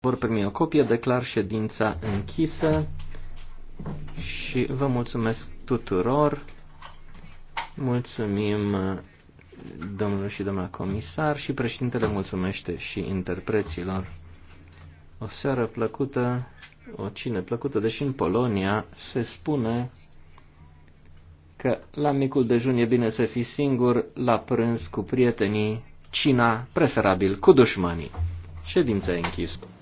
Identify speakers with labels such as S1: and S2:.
S1: vor primi o copie, declar ședința închisă și vă mulțumesc tuturor. Mulțumim domnului și domnul comisar și președintele mulțumește și interpreților. O seară plăcută, o cine plăcută, deși în Polonia se spune că la micul dejun e bine să fii singur, la prânz cu prietenii, cina preferabil cu dușmanii. Ședința închisă.